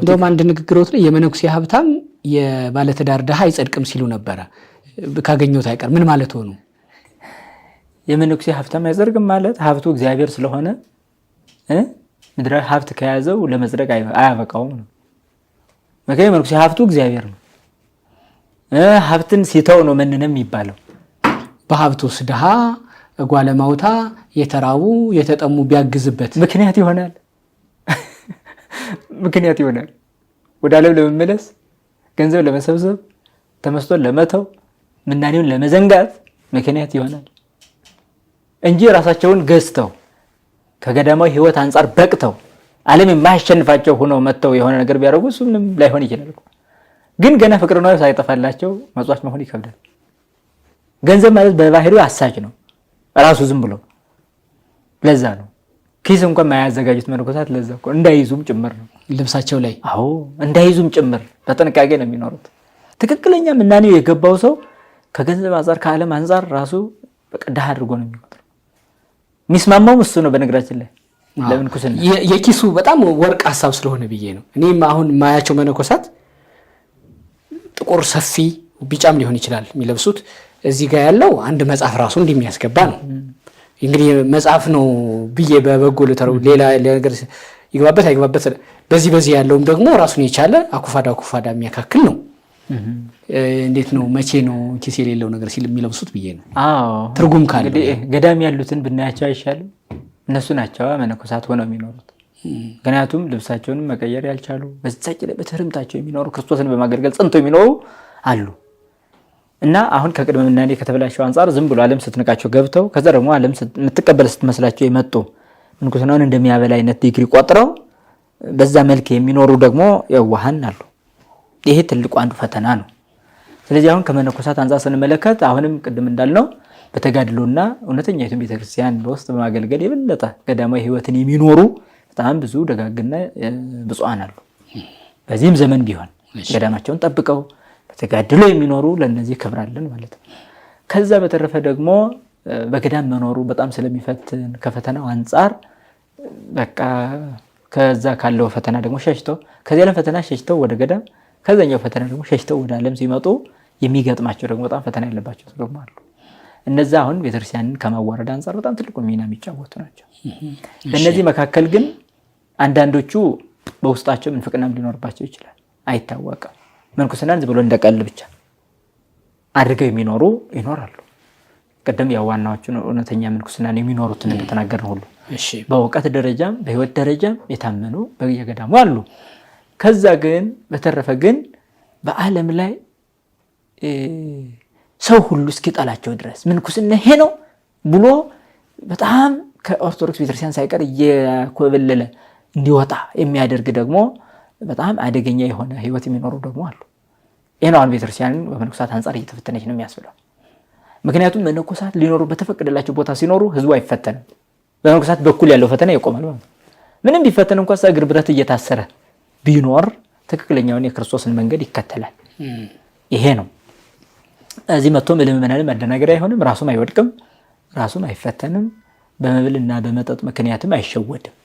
እንደውም አንድ ንግግሮት ላይ የመነኩሴ ሀብታም የባለትዳር ድሀ አይጸድቅም ሲሉ ነበረ። ካገኘት አይቀር ምን ማለት ሆኑ? የመነኩሴ ሀብታም አይጸድቅም ማለት ሀብቱ እግዚአብሔር ስለሆነ ምድራዊ ሀብት ከያዘው ለመጽደቅ አያበቃውም ነው። መካኝ መነኩሴ ሀብቱ እግዚአብሔር ነው። ሀብትን ሲተው ነው መንንም የሚባለው። በሀብቱስ ድሃ ጓለማውታ፣ የተራቡ የተጠሙ ቢያግዝበት ምክንያት ይሆናል። ምክንያት ይሆናል። ወደ ዓለም ለመመለስ፣ ገንዘብ ለመሰብሰብ፣ ተመስጦን ለመተው፣ ምናኔውን ለመዘንጋት ምክንያት ይሆናል እንጂ ራሳቸውን ገዝተው ከገዳማዊ ህይወት አንጻር በቅተው ዓለም የማያሸንፋቸው ሆነው መጥተው የሆነ ነገር ቢያደርጉ እሱ ምንም ላይሆን ይችላል። ግን ገና ፍቅር ነው ሳይጠፋላቸው መጽዋች መሆን ይከብዳል። ገንዘብ ማለት በባህሪው አሳጭ ነው ራሱ ዝም ብሎ ለዛ ነው ኪስ እንኳን የማያዘጋጁት መነኮሳት ለዛ እንዳይዙም ጭምር ነው። ልብሳቸው ላይ አዎ እንዳይዙም ጭምር በጥንቃቄ ነው የሚኖሩት። ትክክለኛ ምናኔው የገባው ሰው ከገንዘብ አንጻር ከዓለም አንጻር ራሱ ድሃ አድርጎ ነው የሚቆጥሩ የሚስማማውም እሱ ነው። በነገራችን ላይ ለምንኩስና የኪሱ በጣም ወርቅ ሀሳብ ስለሆነ ብዬ ነው። እኔም አሁን ማያቸው መነኮሳት ጥቁር ሰፊ ቢጫም ሊሆን ይችላል የሚለብሱት። እዚህ ጋር ያለው አንድ መጽሐፍ ራሱ እንደሚያስገባ ነው። እንግዲህ መጽሐፍ ነው ብዬ በበጎ ልተረው ሌላ ነገር ይግባበት አይግባበት በዚህ በዚህ ያለውም ደግሞ ራሱን የቻለ አኩፋዳ አኩፋዳ የሚያካክል ነው። እንዴት ነው መቼ ነው ኪስ የሌለው ነገር ሲል የሚለብሱት ብዬ ነው። ትርጉም ካለ ገዳም ያሉትን ብናያቸው አይሻልም? እነሱ ናቸው መነኮሳት ሆነው የሚኖሩት። ምክንያቱም ልብሳቸውንም መቀየር ያልቻሉ በዛች ላይ በትርምታቸው የሚኖሩ ክርስቶስን በማገልገል ጽንቶ የሚኖሩ አሉ እና አሁን ከቅድመ ምናኔ ከተበላቸው አንጻር ዝም ብሎ አለም ስትንቃቸው ገብተው ከዛ ደግሞ ዓለም የምትቀበል ስትመስላቸው የመጡ ምንኩስናውን አይነት ዲግሪ ቆጥረው በዛ መልክ የሚኖሩ ደግሞ የዋሃን አሉ። ይሄ ትልቁ አንዱ ፈተና ነው። ስለዚህ አሁን ከመነኮሳት አንጻር ስንመለከት አሁንም ቅድም እንዳልነው በተጋድሎና እውነተኛ ቤተክርስቲያን በውስጥ በማገልገል የበለጠ ገዳማዊ ህይወትን የሚኖሩ በጣም ብዙ ደጋግና ብፁዓን አሉ። በዚህም ዘመን ቢሆን ገዳማቸውን ጠብቀው በተጋድሎ የሚኖሩ ለእነዚህ ክብራለን ማለት ነው። ከዛ በተረፈ ደግሞ በገዳም መኖሩ በጣም ስለሚፈትን ከፈተናው አንጻር በቃ ከዛ ካለው ፈተና ደግሞ ሸሽተው ከዚህ ዓለም ፈተና ሸሽተው ወደ ገዳም ከዛኛው ፈተና ደግሞ ሸሽተው ወደ ዓለም ሲመጡ የሚገጥማቸው ደግሞ በጣም ፈተና ያለባቸው ደግሞ አሉ። እነዛ አሁን ቤተክርስቲያንን ከማዋረድ አንጻር በጣም ትልቁ ሚና የሚጫወቱ ናቸው። በእነዚህ መካከል ግን አንዳንዶቹ በውስጣቸው ምንፍቅናም ሊኖርባቸው ይችላል፣ አይታወቅም። ምንኩስናን ዝም ብሎ እንደቀል ብቻ አድርገው የሚኖሩ ይኖራሉ። ቅድም ያው ዋናዎቹን እውነተኛ ምንኩስናን የሚኖሩትን እንደተናገርን ሁሉ በእውቀት ደረጃም በህይወት ደረጃም የታመኑ በየገዳሙ አሉ። ከዛ ግን በተረፈ ግን በዓለም ላይ ሰው ሁሉ እስኪጠላቸው ድረስ ምንኩስና ይሄ ነው ብሎ በጣም ከኦርቶዶክስ ቤተክርስቲያን ሳይቀር እየኮበለለ እንዲወጣ የሚያደርግ ደግሞ በጣም አደገኛ የሆነ ህይወት የሚኖሩ ደግሞ አሉ። ይህ ነው አሁን ቤተክርስቲያን በመንኩሳት አንጻር እየተፈተነች ነው የሚያስብለው። ምክንያቱም መነኮሳት ሊኖሩ በተፈቀደላቸው ቦታ ሲኖሩ ህዝቡ አይፈተንም። በመነኮሳት በኩል ያለው ፈተና ይቆማል ማለት ምንም ቢፈተን እንኳ እግር ብረት እየታሰረ ቢኖር ትክክለኛውን የክርስቶስን መንገድ ይከተላል። ይሄ ነው። እዚህ መጥቶም ለምእመናንም መደናገር አይሆንም። ራሱም አይወድቅም፣ ራሱም አይፈተንም። በመብልና በመጠጥ ምክንያትም አይሸወድም።